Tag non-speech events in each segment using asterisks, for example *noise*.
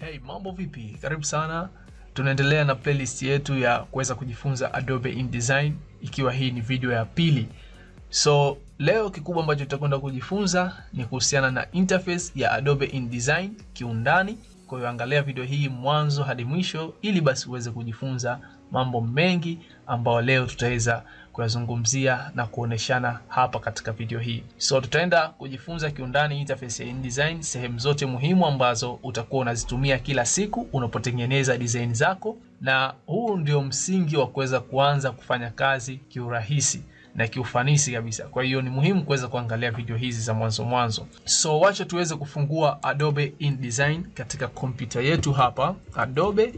Hey, mambo vipi? Karibu sana. Tunaendelea na playlist yetu ya kuweza kujifunza Adobe InDesign ikiwa hii ni video ya pili. So, leo kikubwa ambacho tutakwenda kujifunza ni kuhusiana na interface ya Adobe InDesign kiundani. Kwa hiyo angalia video hii mwanzo hadi mwisho ili basi uweze kujifunza mambo mengi ambayo leo tutaweza kuyazungumzia na kuoneshana hapa katika video hii. So tutaenda kujifunza kiundani interface ya InDesign, sehemu zote muhimu ambazo utakuwa unazitumia kila siku unapotengeneza design zako, na huu ndio msingi wa kuweza kuanza kufanya kazi kiurahisi na kiufanisi kabisa. Kwa hiyo ni muhimu kuweza kuangalia video hizi za mwanzo mwanzo. So wacha tuweze kufungua Adobe InDesign katika kompyuta yetu hapa, Adobe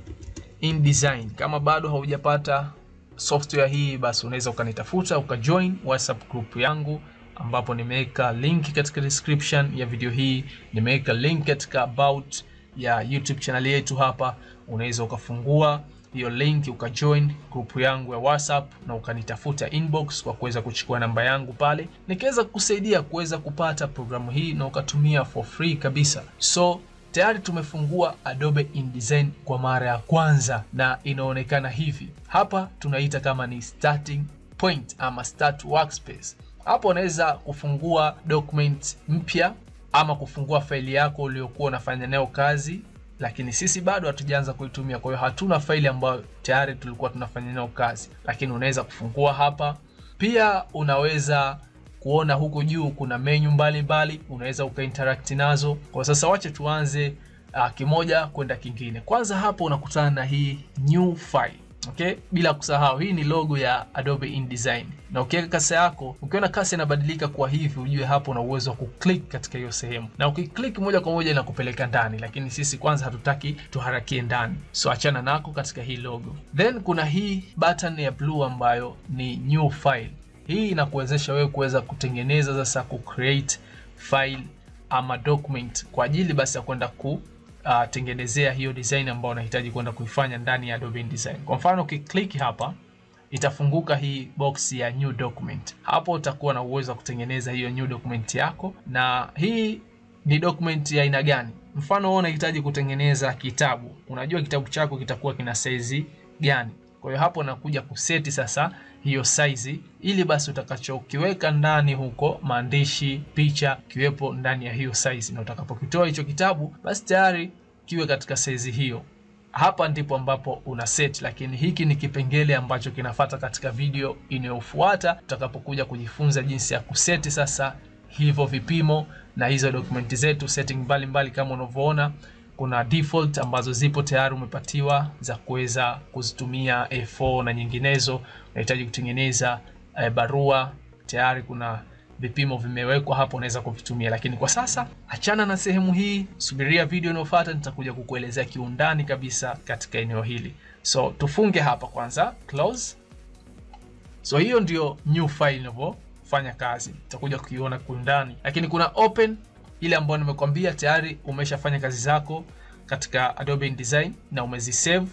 InDesign. Kama bado haujapata software hii, basi unaweza ukanitafuta ukajoin WhatsApp group yangu ambapo nimeweka link katika description ya video hii, nimeweka link katika about ya YouTube channel yetu hapa. Unaweza ukafungua hiyo link ukajoin grupu yangu ya WhatsApp na ukanitafuta inbox kwa kuweza kuchukua namba yangu pale, nikiweza kukusaidia kuweza kupata programu hii na ukatumia for free kabisa so Tayari tumefungua Adobe InDesign kwa mara ya kwanza na inaonekana hivi hapa, tunaita kama ni starting point ama start workspace. Hapo unaweza kufungua document mpya ama kufungua faili yako uliyokuwa unafanya nayo kazi, lakini sisi bado hatujaanza kuitumia, kwa hiyo hatuna faili ambayo tayari tulikuwa tunafanya nayo kazi, lakini unaweza kufungua hapa. Pia unaweza kuona huko juu kuna menu mbalimbali unaweza ukainteract nazo. Kwa sasa wache tuanze uh, kimoja kwenda kingine. Kwanza hapo unakutana na hii new file. Okay, bila kusahau hii ni logo ya Adobe InDesign, na ukiweka kasi yako, ukiona kasi inabadilika kwa hivi, ujue hapo una uwezo wa kuclick katika hiyo sehemu, na ukiklik moja kwa moja inakupeleka ndani, lakini sisi kwanza hatutaki tuharakie ndani, so achana nako katika hii logo. Then kuna hii button ya blue ambayo ni new file hii inakuwezesha wewe kuweza kutengeneza sasa ku create file ama document kwa ajili basi ya kwenda kutengenezea uh, hiyo design ambayo unahitaji kwenda kuifanya ndani ya Adobe InDesign. Kwa mfano ukiklik hapa itafunguka hii box ya new document. Hapo utakuwa na uwezo wa kutengeneza hiyo new document yako, na hii ni document ya aina gani? Mfano wewe unahitaji kutengeneza kitabu, unajua kitabu chako kitakuwa kina size gani? Kwa hiyo hapo nakuja kuseti sasa hiyo size, ili basi utakachokiweka ndani huko maandishi, picha kiwepo ndani ya hiyo size, na utakapokitoa hicho kitabu basi tayari kiwe katika size hiyo. Hapa ndipo ambapo una set, lakini hiki ni kipengele ambacho kinafata katika video inayofuata tutakapokuja kujifunza jinsi ya kuseti sasa hivyo vipimo na hizo dokumenti zetu setting mbalimbali kama unavyoona kuna default ambazo zipo tayari umepatiwa za kuweza kuzitumia A4 na nyinginezo. Unahitaji kutengeneza e, barua tayari kuna vipimo vimewekwa hapo, unaweza kuvitumia. Lakini kwa sasa achana na sehemu hii, subiria video inayofuata, nitakuja kukuelezea kiundani kabisa katika eneo hili. So tufunge hapa kwanza, close. So hiyo ndio new file inavyofanya kazi, nitakuja kuiona kiundani, lakini kuna open ile ambayo nimekwambia tayari umeshafanya kazi zako katika Adobe InDesign na umezisave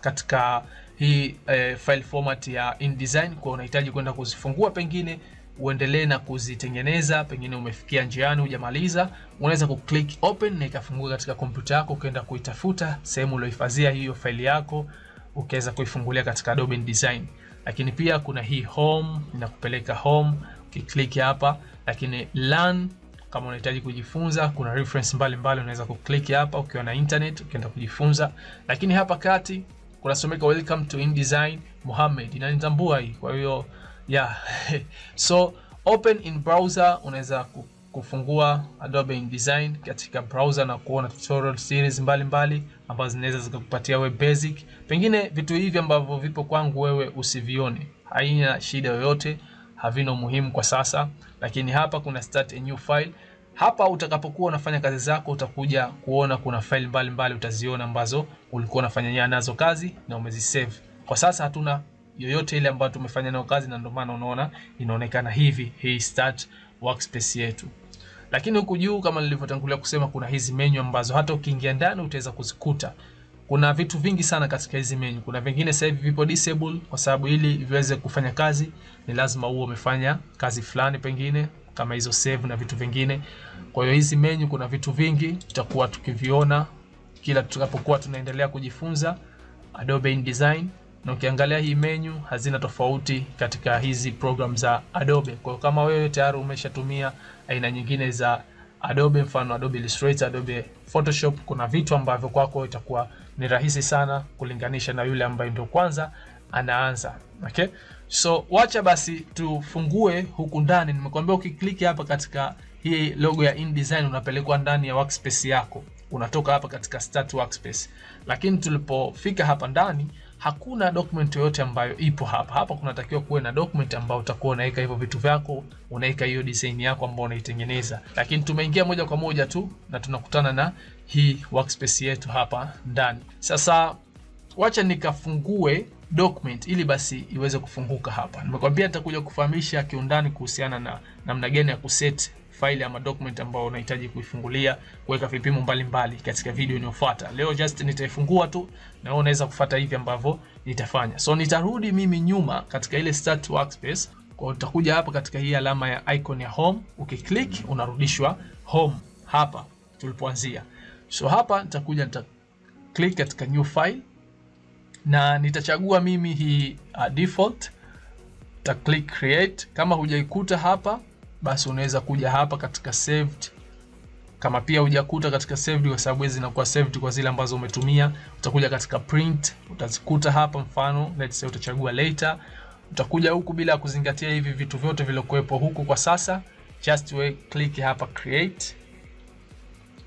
katika hii e, file format ya InDesign kwa unahitaji kwenda kuzifungua, pengine uendelee na kuzitengeneza, pengine umefikia njiani hujamaliza, unaweza kuclick open na ikafungua katika kompyuta yako, ukaenda kuitafuta sehemu uliohifadhia hiyo faili yako, ukaweza kuifungulia katika Adobe InDesign. Lakini pia kuna hii home, inakupeleka home ukiklik hapa, lakini learn kama unahitaji kujifunza, kuna reference mbalimbali unaweza kuklik hapa ukiwa na internet ukienda kujifunza, lakini hapa kati kunasomeka welcome to InDesign Mohamed, inanitambua hii. Kwa hiyo yeah *laughs* so open in browser, unaweza kufungua Adobe InDesign katika browser na kuona tutorial series mbalimbali mbali, ambazo zinaweza zikakupatia we basic, pengine vitu hivi ambavyo vipo kwangu wewe usivione, haina shida yoyote havina umuhimu kwa sasa, lakini hapa kuna start a new file. Hapa utakapokuwa unafanya kazi zako utakuja kuona kuna file mbalimbali utaziona ambazo ulikuwa unafanya nazo kazi na umezisave. Kwa sasa hatuna yoyote ile ambayo tumefanya nayo kazi na ndio maana unaona inaonekana hivi hii start workspace yetu. Lakini huku juu kama nilivyotangulia kusema kuna hizi menu ambazo hata ukiingia ndani utaweza kuzikuta. Kuna vitu vingi sana katika hizi menu. Kuna vingine sasa hivi vipo disable kwa sababu ili viweze kufanya kazi ni lazima uwe umefanya kazi fulani pengine kama hizo save na vitu vingine. Kwa hiyo hizi menu kuna vitu vingi tutakuwa tukiviona kila tutakapokuwa tunaendelea kujifunza Adobe InDesign na ukiangalia hii menu hazina tofauti katika hizi program za Adobe. Kwa hiyo kama wewe tayari umeshatumia aina nyingine za Adobe, mfano Adobe Illustrator, Adobe Photoshop, kuna vitu ambavyo kwako itakuwa ni rahisi sana kulinganisha na yule ambaye ndio kwanza anaanza. Okay? So wacha basi tufungue huku ndani. Nimekuambia ukiklik hapa katika hii logo ya InDesign unapelekwa ndani ya workspace yako. Unatoka hapa katika start workspace. Lakini tulipofika hapa ndani hakuna document yoyote ambayo ipo hapa. Hapa kunatakiwa kuwe na document ambayo utakuwa unaweka hivyo vitu vyako, unaweka hiyo design yako ambayo unaitengeneza, lakini tumeingia moja kwa moja tu na tunakutana na hii workspace yetu hapa ndani. Sasa wacha nikafungue document ili basi iweze kufunguka hapa. Nimekwambia nitakuja kufahamisha kiundani kuhusiana na namna gani ya kuset faili ama document ambayo unahitaji kuifungulia kuweka vipimo mbalimbali katika video inayofuata. Leo just nitaifungua tu na wewe unaweza kufuata hivi ambavyo nitafanya. So nitarudi mimi nyuma katika ile start workspace, kwa utakuja hapa katika hii alama ya icon ya home, ukiklik unarudishwa home hapa tulipoanzia. So hapa nitakuja nita click katika new file na nitachagua mimi hii uh, default ta click create. Kama hujaikuta hapa basi unaweza kuja hapa katika saved. Kama pia hujakuta katika saved, kwa sababu hizi zinakuwa saved kwa zile ambazo umetumia, utakuja katika print, utazikuta hapa. Mfano let's say utachagua later, utakuja huku bila kuzingatia hivi vitu vyote vilokuwepo huku kwa sasa, just we click hapa create,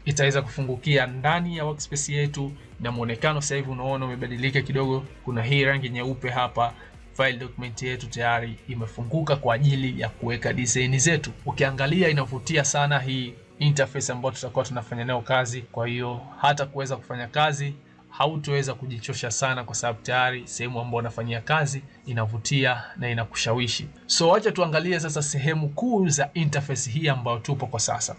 itaweza kufungukia ndani ya workspace yetu, na muonekano sasa hivi unaona umebadilika kidogo, kuna hii rangi nyeupe hapa file document yetu tayari imefunguka kwa ajili ya kuweka design zetu. Ukiangalia inavutia sana hii interface ambayo tutakuwa tunafanya nayo kazi. Kwa hiyo hata kuweza kufanya kazi hautoweza kujichosha sana, kwa sababu tayari sehemu ambayo unafanyia kazi inavutia na inakushawishi. So wacha tuangalie sasa sehemu kuu za interface hii ambayo tupo kwa sasa.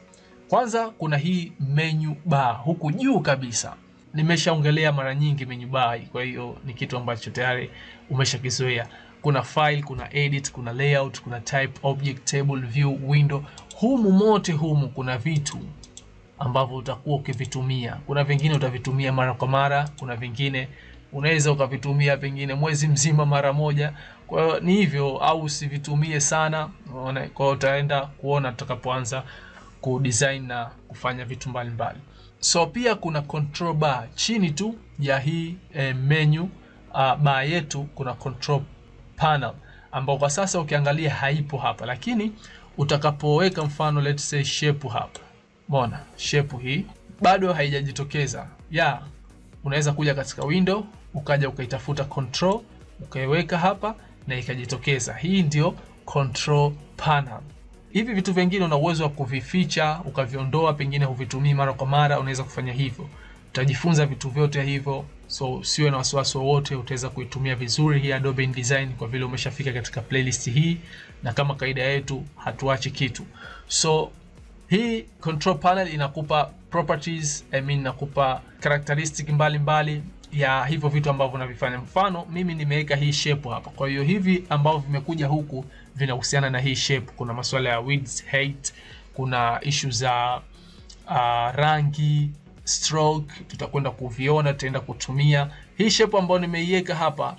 Kwanza kuna hii menu bar huku juu kabisa nimeshaongelea mara nyingi menyubai kwa hiyo ni kitu ambacho tayari umeshakizoea. Kuna file, kuna edit, kuna layout, kuna type, object, table, view, window. Humu mote humu kuna vitu ambavyo utakuwa ukivitumia. Kuna vingine utavitumia mara kwa mara, kuna vingine unaweza ukavitumia pengine mwezi mzima mara moja. Kwa hiyo ni hivyo, au usivitumie sana. Kwa hiyo utaenda kuona tutakapoanza kudesign na kufanya vitu mbalimbali mbali. So pia kuna control bar chini tu ya hii e, menu uh, bar yetu kuna control panel ambao kwa sasa ukiangalia haipo hapa, lakini utakapoweka mfano let's say shape hapa, umeona shape hii bado haijajitokeza yeah. Unaweza kuja katika window ukaja ukaitafuta control ukaiweka hapa na ikajitokeza. Hii ndio control panel. Hivi vitu vingine una uwezo wa kuvificha ukaviondoa, pengine huvitumii mara kwa mara, unaweza kufanya hivyo. Utajifunza vitu vyote hivyo, so usiwe na wasiwasi wowote, utaweza kuitumia vizuri hii Adobe InDesign kwa vile umeshafika katika playlist hii, na kama kaida yetu hatuachi kitu. So hii control panel inakupa properties, I mean, inakupa characteristic mbalimbali mbali ya hivyo vitu ambavyo unavifanya. Mfano, mimi nimeweka hii shape hapa, kwa hiyo hivi ambavyo vimekuja huku vinahusiana na hii shape. Kuna masuala ya width, height, kuna issue za uh, rangi stroke, tutakwenda kuviona, tutaenda kutumia hii shape ambayo nimeiweka hapa.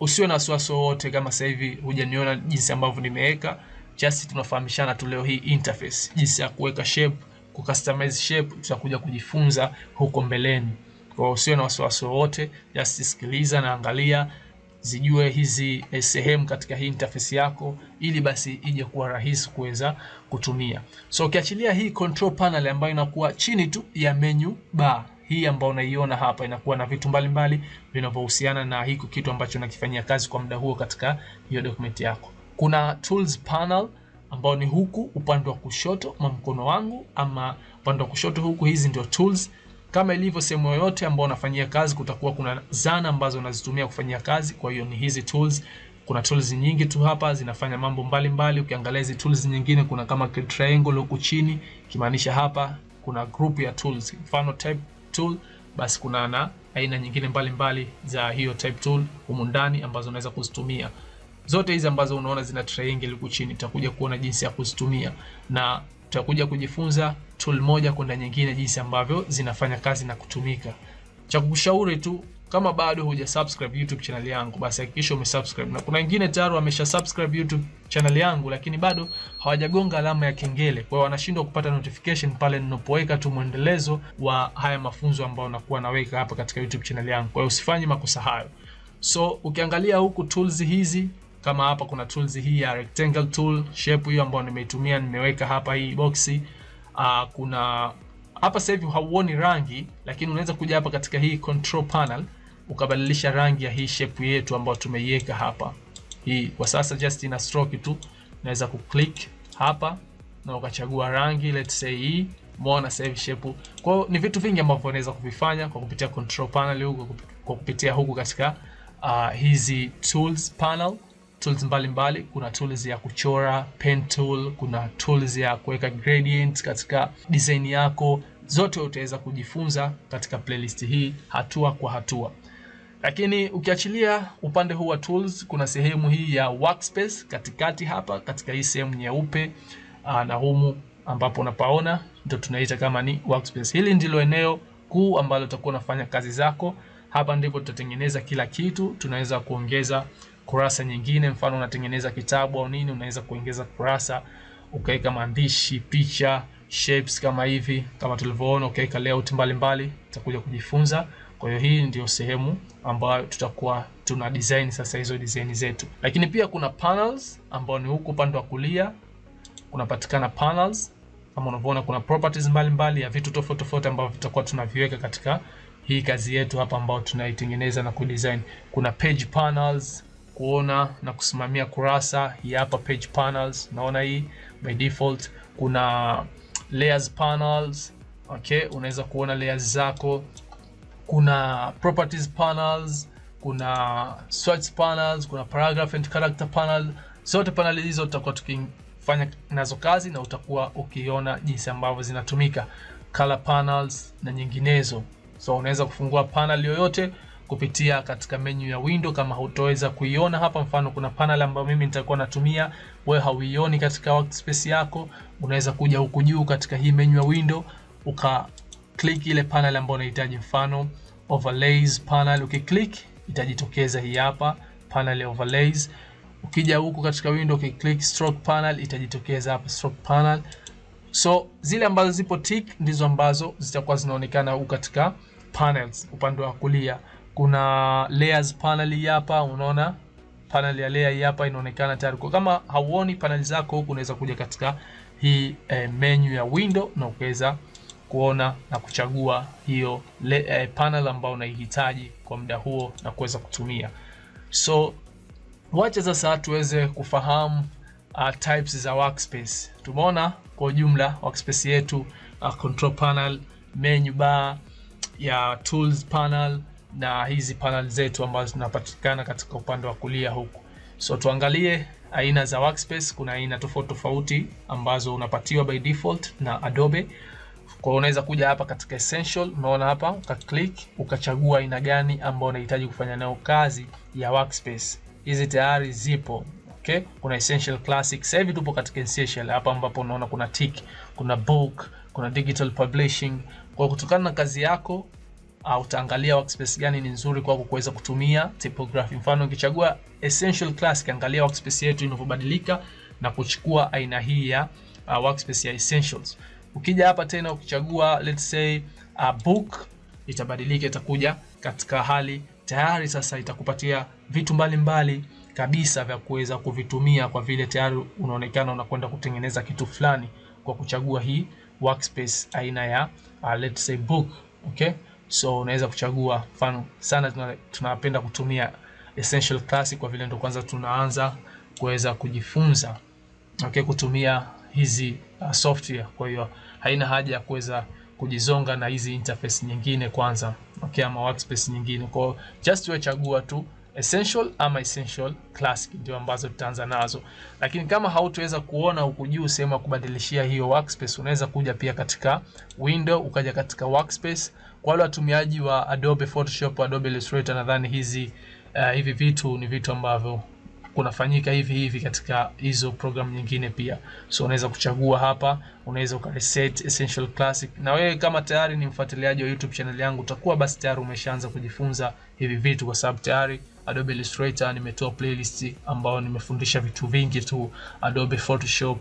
Usiwe na wasiwasi wowote kama sasa hivi hujaniona jinsi ambavyo nimeweka, just tunafahamishana tu leo hii interface, jinsi ya kuweka shape, kucustomize shape, tutakuja kujifunza huko mbeleni. Kwa usio na wasiwasi wowote, just sikiliza na angalia, zijue hizi eh, sehemu katika hii interface yako, ili basi ije kuwa rahisi kuweza kutumia. So ukiachilia hii control panel ambayo inakuwa chini tu ya menu bar hii ambayo unaiona hapa inakuwa na vitu mbalimbali vinavyohusiana na hiko kitu ambacho unakifanyia kazi kwa muda huo katika hiyo document yako. Kuna tools panel ambao ni huku upande wa kushoto mwa mkono wangu ama upande wa kushoto huku, hizi ndio tools kama ilivyo sehemu yoyote ambayo unafanyia kazi, kutakuwa kuna zana ambazo unazitumia kufanyia kazi. Kwa hiyo ni hizi tools. Kuna tools nyingi tu hapa zinafanya mambo mbalimbali. Ukiangalia hizi tools nyingine, kuna kama triangle huku chini, kimaanisha hapa kuna group ya tools, mfano type tool. Basi kuna na aina nyingine mbalimbali mbali za hiyo type tool humu ndani ambazo unaweza kuzitumia. Zote hizi ambazo unaona zina triangle huku chini, utakuja kuona jinsi ya kuzitumia na tutakuja kujifunza tool moja kwenda nyingine, jinsi ambavyo zinafanya kazi na kutumika. Cha kukushauri tu kama bado huja subscribe YouTube channel yangu, basi hakikisha umesubscribe, na kuna wengine tayari wamesha subscribe YouTube channel yangu, lakini bado hawajagonga alama ya kengele, kwa hiyo wanashindwa kupata notification pale ninapoweka tu mwendelezo wa haya mafunzo ambayo nakuwa naweka hapa katika YouTube channel yangu. Kwa hiyo usifanye makosa hayo. So ukiangalia huku tools hizi kama hapa kuna tools hii ya rectangle tool shape hiyo ambayo nimeitumia nimeweka hapa hii boxi. Uh, ah, kuna hapa sasa hivi hauoni rangi, lakini unaweza kuja hapa katika hii control panel ukabadilisha rangi ya hii shape yetu ambayo tumeiweka hapa. Hii kwa sasa just ina stroke tu, naweza kuclick hapa na ukachagua rangi let's say hii Umeona save shape. Kwa ni vitu vingi ambavyo unaweza kuvifanya kwa kupitia control panel huko, kwa kupitia huku katika uh, hizi tools panel tools mbalimbali mbali. Kuna tools ya kuchora pen tool, kuna tools ya kuweka gradient katika design yako. Zote utaweza kujifunza katika playlist hii hatua kwa hatua. Lakini ukiachilia upande huu wa tools, kuna sehemu hii ya workspace katikati hapa, katika hii sehemu nyeupe ah, na humu ambapo unapaona ndio tunaita kama ni workspace. Hili ndilo eneo kuu ambalo utakuwa unafanya kazi zako. Hapa ndipo tutatengeneza kila kitu, tunaweza kuongeza kurasa nyingine. Mfano unatengeneza kitabu au nini, unaweza kuongeza kurasa ukaweka maandishi, picha, shapes kama hivi, kama tulivyoona, ukaweka layout mbalimbali, tutakuja kujifunza. Kwa hiyo hii ndio sehemu ambayo tutakuwa tuna design sasa hizo design zetu, lakini pia kuna panels ambao ni huku upande wa kulia kunapatikana panels kama unavyoona, kuna properties mbalimbali mbali ya vitu tofauti tofauti ambavyo tutakuwa tunaviweka katika hii kazi yetu hapa ambayo tunaitengeneza na kudesign. Kuna page panels, kuona na kusimamia kurasa. Hii hapa page panels, naona hii by default kuna layers panels. Okay, unaweza kuona layers zako. Kuna properties panels, kuna search panels, kuna paragraph and character panel. Zote panel hizo tutakuwa tukifanya nazo kazi na utakuwa ukiona jinsi ambavyo zinatumika, color panels na nyinginezo. So unaweza kufungua panel yoyote kupitia katika menu ya window kama hutoweza kuiona hapa. Mfano, kuna panel ambayo mimi nitakuwa natumia, wewe hauioni katika workspace yako. Unaweza kuja huku juu katika hii menu ya window uka click ile panel ambayo unahitaji, mfano overlays panel. Ukiklik itajitokeza hii hapa panel overlays. Ukija huku katika window ukiklik stroke panel itajitokeza hapa stroke panel. So zile ambazo zipo tick ndizo ambazo zitakuwa zinaonekana huku katika panels upande wa kulia kuna layers panel hapa, unaona panel ya layer hapa inaonekana tayari. Kwa kama hauoni panel zako huko unaweza kuja katika hii eh, menu ya window na ukaweza kuona na kuchagua hiyo le, eh, panel ambayo unaihitaji kwa muda huo na kuweza kutumia. So wacha sasa tuweze kufahamu uh, types za workspace. Tumeona kwa ujumla workspace yetu uh, control panel, menu bar ya tools panel na hizi panel zetu ambazo zinapatikana katika upande wa kulia huku. So tuangalie aina za workspace. Kuna aina tofauti tofauti ambazo unapatiwa by default na Adobe. Kwa unaweza kuja hapa katika essential, unaona hapa uka click ukachagua aina gani ambayo unahitaji kufanya nayo kazi ya workspace. Hizi tayari zipo. Okay, kuna essential classic. Sasa hivi tupo katika essential hapa ambapo unaona kuna tick, kuna book, kuna digital publishing. Kwa kutokana na kazi yako uh, utaangalia workspace gani ni nzuri kwako kuweza kutumia typography. Mfano ukichagua essential class, kiangalia workspace yetu inavyobadilika na kuchukua aina hii ya uh, workspace ya essentials. Ukija hapa tena ukichagua let's say uh, book itabadilika, itakuja katika hali tayari sasa itakupatia vitu mbalimbali mbali kabisa vya kuweza kuvitumia kwa vile tayari unaonekana unakwenda kutengeneza kitu fulani kwa kuchagua hii workspace aina ya uh, let's say book okay so unaweza kuchagua. Mfano sana tunapenda kutumia Essential class kwa vile ndo kwanza tunaanza kuweza kujifunza okay, kutumia hizi uh, software. Kwa hiyo haina haja ya kuweza kujizonga na hizi interface nyingine kwanza okay, ama workspace nyingine. Kwa just wewe chagua tu Essential ama Essential Classic ndio ambazo tutaanza nazo, lakini kama hautaweza kuona huku juu sehemu ya kubadilishia hiyo workspace, unaweza kuja pia katika window ukaja katika workspace kwa wale watumiaji wa Adobe Photoshop, Adobe Illustrator, nadhani hizi uh, hivi vitu ni vitu ambavyo kunafanyika hivi hivi katika hizo program nyingine pia. So unaweza kuchagua hapa, unaweza ukareset essential classic. Na wewe kama tayari ni mfuatiliaji wa YouTube channel yangu, utakuwa basi tayari umeshaanza kujifunza hivi vitu, kwa sababu tayari Adobe Illustrator nimetoa playlist ambayo nimefundisha vitu vingi tu. Adobe Photoshop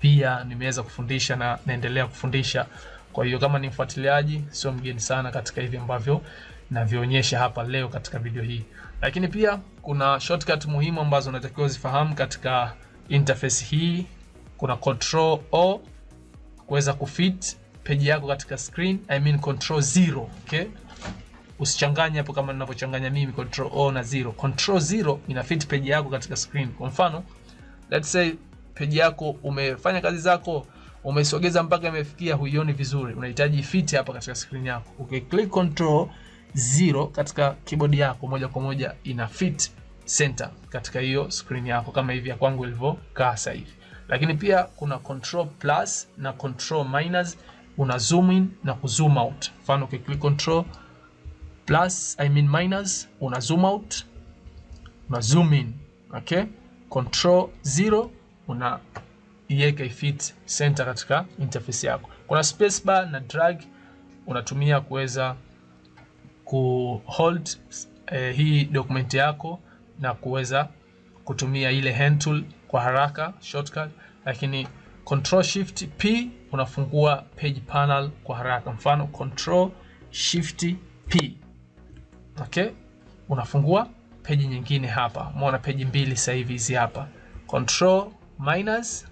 pia nimeweza kufundisha na naendelea kufundisha. Kwa hiyo kama ni mfuatiliaji, sio mgeni sana katika hivi ambavyo navyoonyesha hapa leo katika video hii, lakini pia kuna shortcut muhimu ambazo unatakiwa zifahamu katika interface hii. Kuna control o kuweza kufit page yako katika screen, I mean control 0, okay? Usichanganye hapo kama ninavyochanganya mimi control o na 0. Control zero inafit page yako katika screen. Kwa mfano let's say page yako umefanya kazi zako umesogeza mpaka imefikia, huioni vizuri, unahitaji ifite hapa katika screen yako. Ukiclick control zero katika keyboard yako, moja kwa moja ina fit center katika hiyo screen yako, kama hivi ya kwangu ilivyokaa sasa hivi. Lakini pia kuna control plus na control minus, una zoom in na kuzoom out. Mfano ukiclick control plus I mean minus, una zoom out, una zoom in. Okay, control zero una iweke fit center katika interface yako. Kuna space bar na drag unatumia kuweza ku hold eh, hii document yako na kuweza kutumia ile hand tool kwa haraka shortcut, lakini control shift p unafungua page panel kwa haraka. Mfano control shift p, okay, unafungua page nyingine hapa. Umeona page mbili sasa hivi hizi hapa, control minus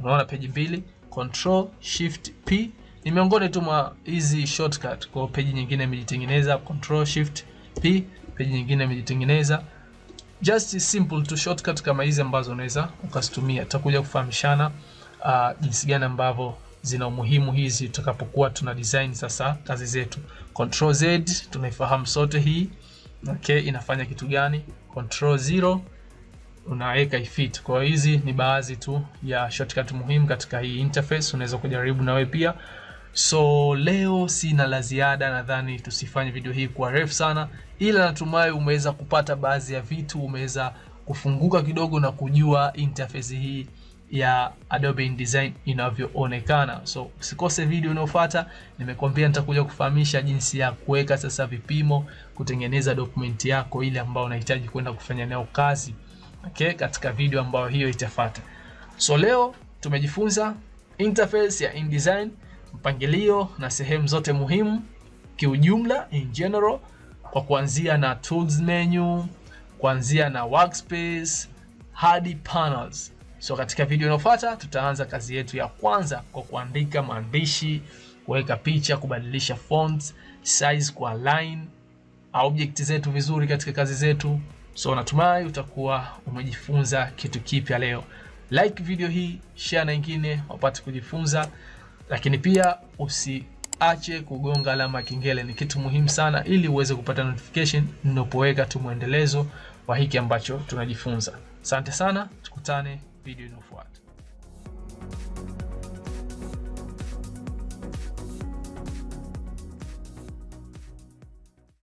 unaona peji mbili, control shift p ni miongoni tu mwa hizi shortcut. Kwa peji nyingine imejitengeneza control shift p, peji nyingine imejitengeneza just simple tu shortcut kama hizi ambazo unaweza ukazitumia. Tutakuja kufahamishana uh, jinsi gani ambavyo zina umuhimu hizi tutakapokuwa tuna design sasa kazi zetu. Control Z tunaifahamu sote hii. Okay, inafanya kitu gani? Control zero unaweka ifit. Kwa hiyo hizi ni baadhi tu ya shortcut muhimu katika hii interface, unaweza kujaribu na wewe pia. So leo sina la ziada, nadhani tusifanye video hii kuwa refu sana, ila natumai umeweza kupata baadhi ya vitu, umeweza kufunguka kidogo na kujua interface hii ya Adobe InDesign inavyoonekana. So usikose video inayofuata. nimekuambia nitakuja kufahamisha jinsi ya kuweka sasa vipimo, kutengeneza dokumenti yako ile ambayo unahitaji kwenda kufanya nayo kazi okay, katika video ambayo hiyo itafuata. So leo tumejifunza interface ya InDesign, mpangilio na sehemu zote muhimu kiujumla, in general, kwa kuanzia na tools menu, kuanzia na workspace hadi panels. So katika video inayofuata tutaanza kazi yetu ya kwanza kwa kuandika maandishi, kuweka picha, kubadilisha font size, kwa line object zetu vizuri katika kazi zetu. So natumai utakuwa umejifunza kitu kipya leo. Like video hii, share na wengine wapate kujifunza, lakini pia usiache kugonga alama ya kengele. Ni kitu muhimu sana, ili uweze kupata notification ninapoweka tu mwendelezo wa hiki ambacho tunajifunza. Asante sana, tukutane video inayofuata.